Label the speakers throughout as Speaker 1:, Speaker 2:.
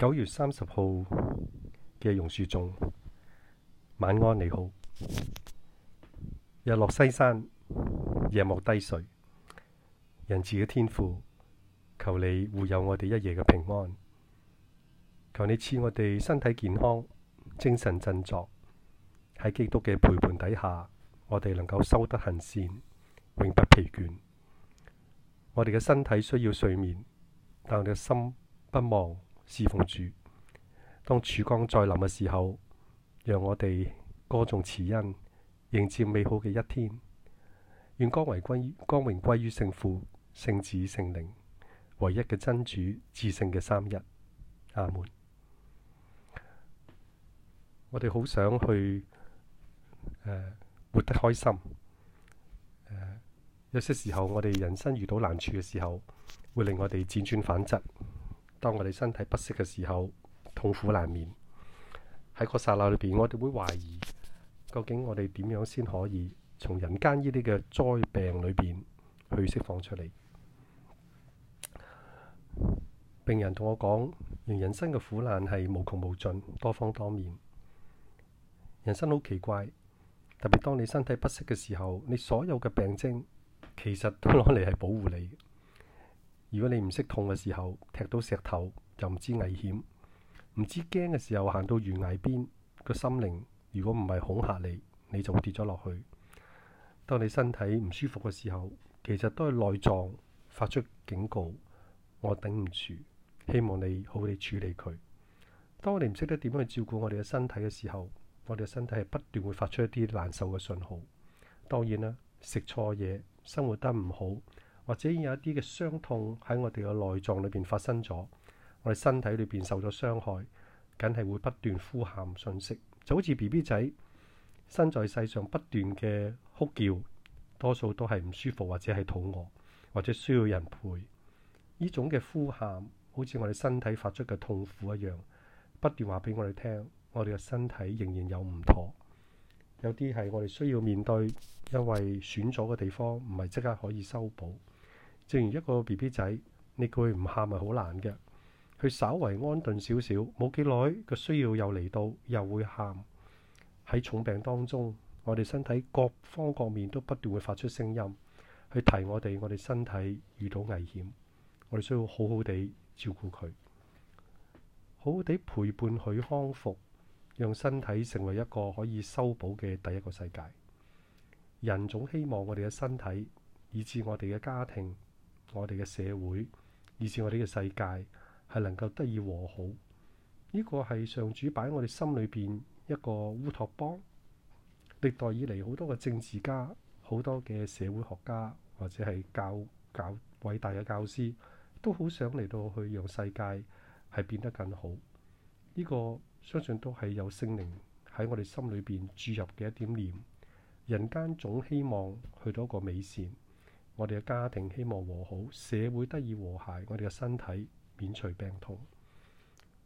Speaker 1: 九月三十號嘅榕樹中，晚安，你好。日落西山，夜幕低垂，人自嘅天父，求你護佑我哋一夜嘅平安。求你賜我哋身體健康，精神振作。喺基督嘅陪伴底下，我哋能夠修德行善，永不疲倦。我哋嘅身體需要睡眠，但我哋嘅心不忘。侍奉主，當曙光再臨嘅時候，讓我哋歌頌慈恩，迎接美好嘅一天。願光為歸光榮歸於聖父、聖子、聖靈，唯一嘅真主、至聖嘅三日三一。阿門。我哋好想去，呃，活得開心。呃，有些時候我哋人生遇到難處嘅時候，會令我哋輾轉反側。當我哋身體不適嘅時候，痛苦難免。喺個剎那裏邊，我哋會懷疑究竟我哋點樣先可以從人間呢啲嘅災病裏邊去釋放出嚟？病人同我講，人人生嘅苦難係無窮無盡，多方多面。人生好奇怪，特別當你身體不適嘅時候，你所有嘅病徵其實都攞嚟係保護你。如果你唔識痛嘅時候，踢到石頭就唔知危險，唔知驚嘅時候行到懸崖邊，個心靈如果唔係恐嚇你，你就跌咗落去。當你身體唔舒服嘅時候，其實都係內臟發出警告，我頂唔住，希望你好好處理佢。當我哋唔識得點樣去照顧我哋嘅身體嘅時候，我哋嘅身體係不斷會發出一啲難受嘅信號。當然啦，食錯嘢，生活得唔好。或者有一啲嘅傷痛喺我哋嘅內臟裏邊發生咗，我哋身體裏邊受咗傷害，梗係會不斷呼喊訊息，就好似 BB 仔身在世上不斷嘅哭叫，多數都係唔舒服或者係肚餓或者需要人陪。呢種嘅呼喊好似我哋身體發出嘅痛苦一樣，不斷話俾我哋聽，我哋嘅身體仍然有唔妥，有啲係我哋需要面對，因為損咗嘅地方唔係即刻可以修補。正如一個 BB 仔，你叫佢唔喊係好難嘅。佢稍為安頓少少，冇幾耐個需要又嚟到，又會喊。喺重病當中，我哋身體各方各面都不斷會發出聲音，去提我哋。我哋身體遇到危險，我哋需要好好地照顧佢，好好地陪伴佢康復，讓身體成為一個可以修補嘅第一個世界。人總希望我哋嘅身體，以至我哋嘅家庭，我哋嘅社會，以至我哋嘅世界係能夠得以和好，呢個係上主擺喺我哋心裏邊一個烏托邦。歷代以嚟好多嘅政治家、好多嘅社會學家或者係教教偉大嘅教師，都好想嚟到去讓世界係變得更好。呢個相信都係有聖靈喺我哋心裏邊注入嘅一點念。人間總希望去到一個美善。我哋嘅家庭希望和好，社會得以和諧，我哋嘅身體免除病痛。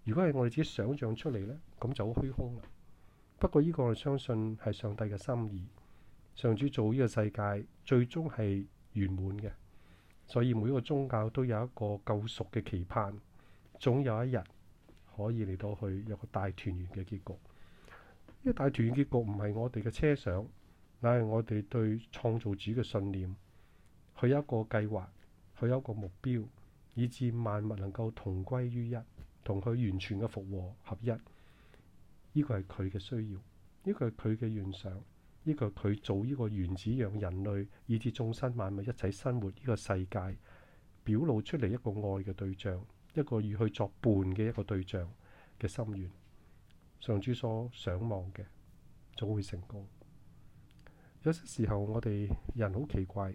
Speaker 1: 如果係我哋自己想象出嚟呢，咁就好虛空啦。不過呢個我相信係上帝嘅心意，上主造呢個世界最終係圓滿嘅。所以每一個宗教都有一個救贖嘅期盼，總有一日可以嚟到去有個大團圓嘅結局。呢、這個大團圓結局唔係我哋嘅奢想，乃係我哋對創造主嘅信念。佢有一個計劃，佢有一個目標，以至萬物能夠同歸於一，同佢完全嘅復和合一。呢個係佢嘅需要，呢個係佢嘅願想，呢個係佢做呢個原子，讓人類以至眾生萬物一齊生活呢個世界，表露出嚟一個愛嘅對象，一個與佢作伴嘅一個對象嘅心願。上主所想望嘅，總會成功。有些時候我哋人好奇怪。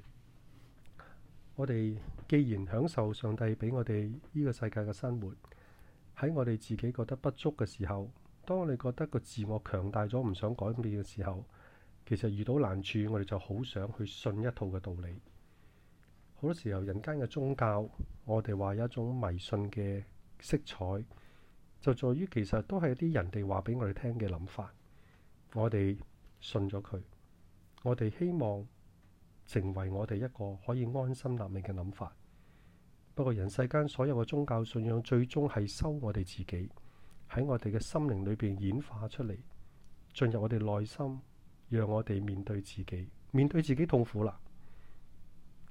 Speaker 1: 我哋既然享受上帝俾我哋呢個世界嘅生活，喺我哋自己覺得不足嘅時候，當我哋覺得個自我強大咗唔想改變嘅時候，其實遇到難處，我哋就好想去信一套嘅道理。好多時候，人間嘅宗教，我哋話有一種迷信嘅色彩，就在於其實都係一啲人哋話俾我哋聽嘅諗法，我哋信咗佢，我哋希望。成為我哋一個可以安心立命嘅諗法。不過人世間所有嘅宗教信仰，最終係收我哋自己喺我哋嘅心靈裏邊演化出嚟，進入我哋內心，讓我哋面對自己，面對自己痛苦啦。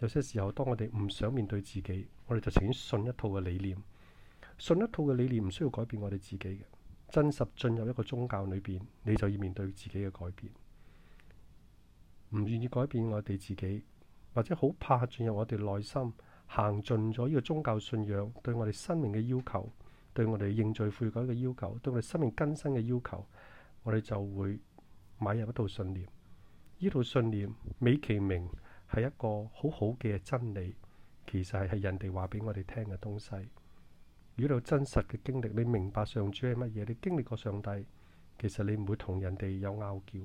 Speaker 1: 有些時候，當我哋唔想面對自己，我哋就情願信一套嘅理念，信一套嘅理念唔需要改變我哋自己嘅真實。進入一個宗教裏邊，你就要面對自己嘅改變。唔願意改變我哋自己，或者好怕進入我哋內心，行盡咗呢個宗教信仰對我哋生命嘅要求，對我哋認罪悔改嘅要求，對我哋生命更新嘅要求，我哋就會買入一套信念。呢套信念美其名係一個好好嘅真理，其實係人哋話俾我哋聽嘅東西。如果你有真實嘅經歷，你明白上主係乜嘢，你經歷過上帝，其實你唔會同人哋有拗撬。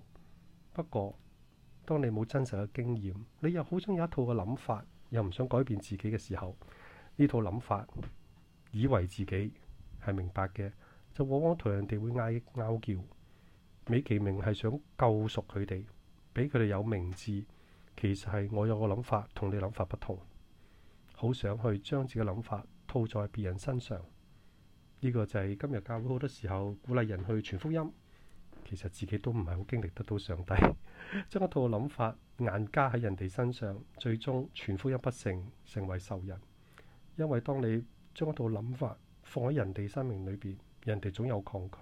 Speaker 1: 不過，當你冇真實嘅經驗，你又好想有一套嘅諗法，又唔想改變自己嘅時候，呢套諗法以為自己係明白嘅，就往往同人哋會嗌拗叫。美其名係想救贖佢哋，俾佢哋有名字，其實係我有個諗法同你諗法不同，好想去將自己諗法套在別人身上。呢個就係今日教會好多時候鼓勵人去傳福音，其實自己都唔係好經歷得到上帝。將一套諗法硬加喺人哋身上，最終，全福音不成，成為仇人。因為當你將一套諗法放喺人哋生命裏邊，人哋總有抗拒。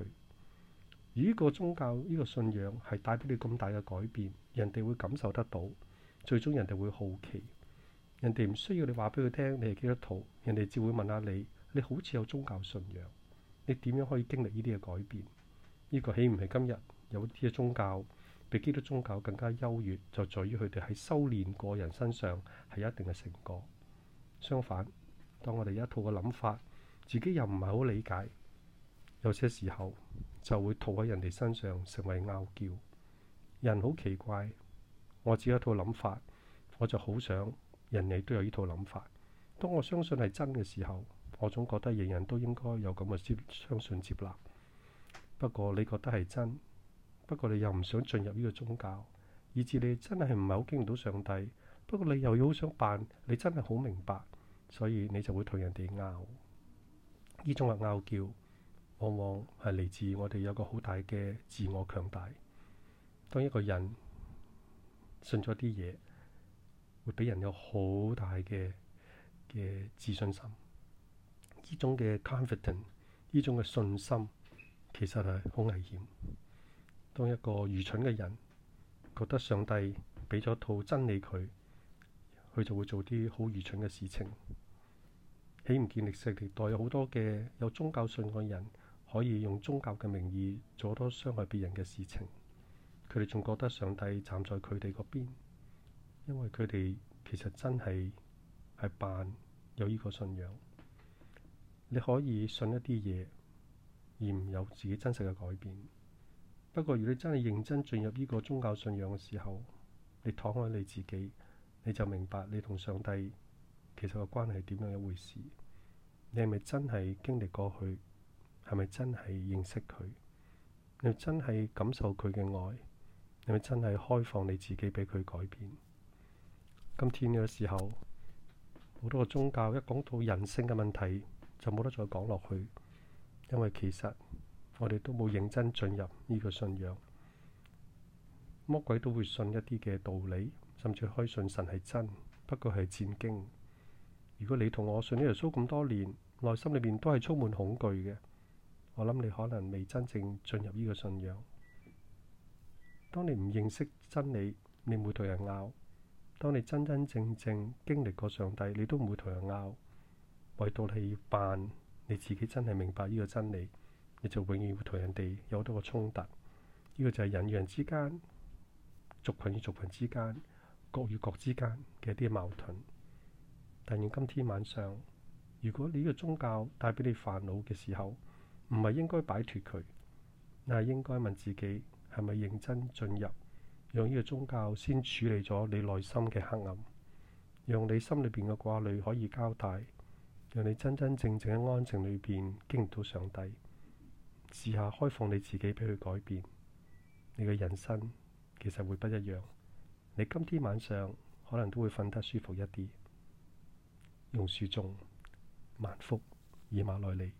Speaker 1: 如果宗教呢、呢個信仰係帶俾你咁大嘅改變，人哋會感受得到，最終人哋會好奇。人哋唔需要你話俾佢聽你係基督徒，人哋只會問下你，你好似有宗教信仰，你點樣可以經歷呢啲嘅改變？呢、呢個豈唔係今日有啲嘅宗教？比基督宗教更加優越，就在於佢哋喺修煉個人身上係一定嘅成果。相反，當我哋有一套嘅諗法，自己又唔係好理解，有些時候就會套喺人哋身上，成為拗撬。人好奇怪，我只有一套諗法，我就好想人哋都有呢套諗法。當我相信係真嘅時候，我總覺得人人都應該有咁嘅接相信接納。不過，你覺得係真？不過你又唔想進入呢個宗教，以至你真係唔係好經唔到上帝。不過你又要好想扮你真係好明白，所以你就會同人哋拗呢種嘅拗叫，往往係嚟自我哋有個好大嘅自我強大。當一個人信咗啲嘢，會俾人有好大嘅嘅自信心，呢種嘅 confidence，呢種嘅信心，信心其實係好危險。當一個愚蠢嘅人覺得上帝畀咗套真理佢，佢就會做啲好愚蠢嘅事情。喺唔見歷史歷代有好多嘅有宗教信嘅人，可以用宗教嘅名義做多傷害別人嘅事情，佢哋仲覺得上帝站在佢哋嗰邊，因為佢哋其實真係係扮有呢個信仰。你可以信一啲嘢，而唔有自己真實嘅改變。不過，如果你真係認真進入呢個宗教信仰嘅時候，你躺開你自己，你就明白你同上帝其實個關係係點樣一回事。你係咪真係經歷過去？係咪真係認識佢？你係咪真係感受佢嘅愛？你咪真係開放你自己俾佢改變？今天呢個時候，好多個宗教一講到人性嘅問題，就冇得再講落去，因為其實我哋都冇認真進入呢個信仰，魔鬼都會信一啲嘅道理，甚至可以信神係真，不過係戰經。如果你同我信耶穌咁多年，內心裏面都係充滿恐懼嘅，我諗你可能未真正進入呢個信仰。當你唔認識真理，你唔會同人拗；當你真真正正經歷過上帝，你都唔會同人拗。唯獨你要扮你自己，真係明白呢個真理。你就永遠會同人哋有好多個衝突。呢、這個就係人與人之間、族群與族群之間、國與國之間嘅一啲矛盾。但係，今天晚上，如果你個宗教帶俾你煩惱嘅時候，唔係應該擺脱佢，但係應該問自己係咪認真進入，用呢個宗教先處理咗你內心嘅黑暗，讓你心裏邊嘅掛慮可以交代，讓你真真正正喺安靜裏邊經歷到上帝。試下開放你自己俾佢改變，你嘅人生其實會不一樣。你今天晚上可能都會瞓得舒服一啲。榕樹種萬福以馬內利。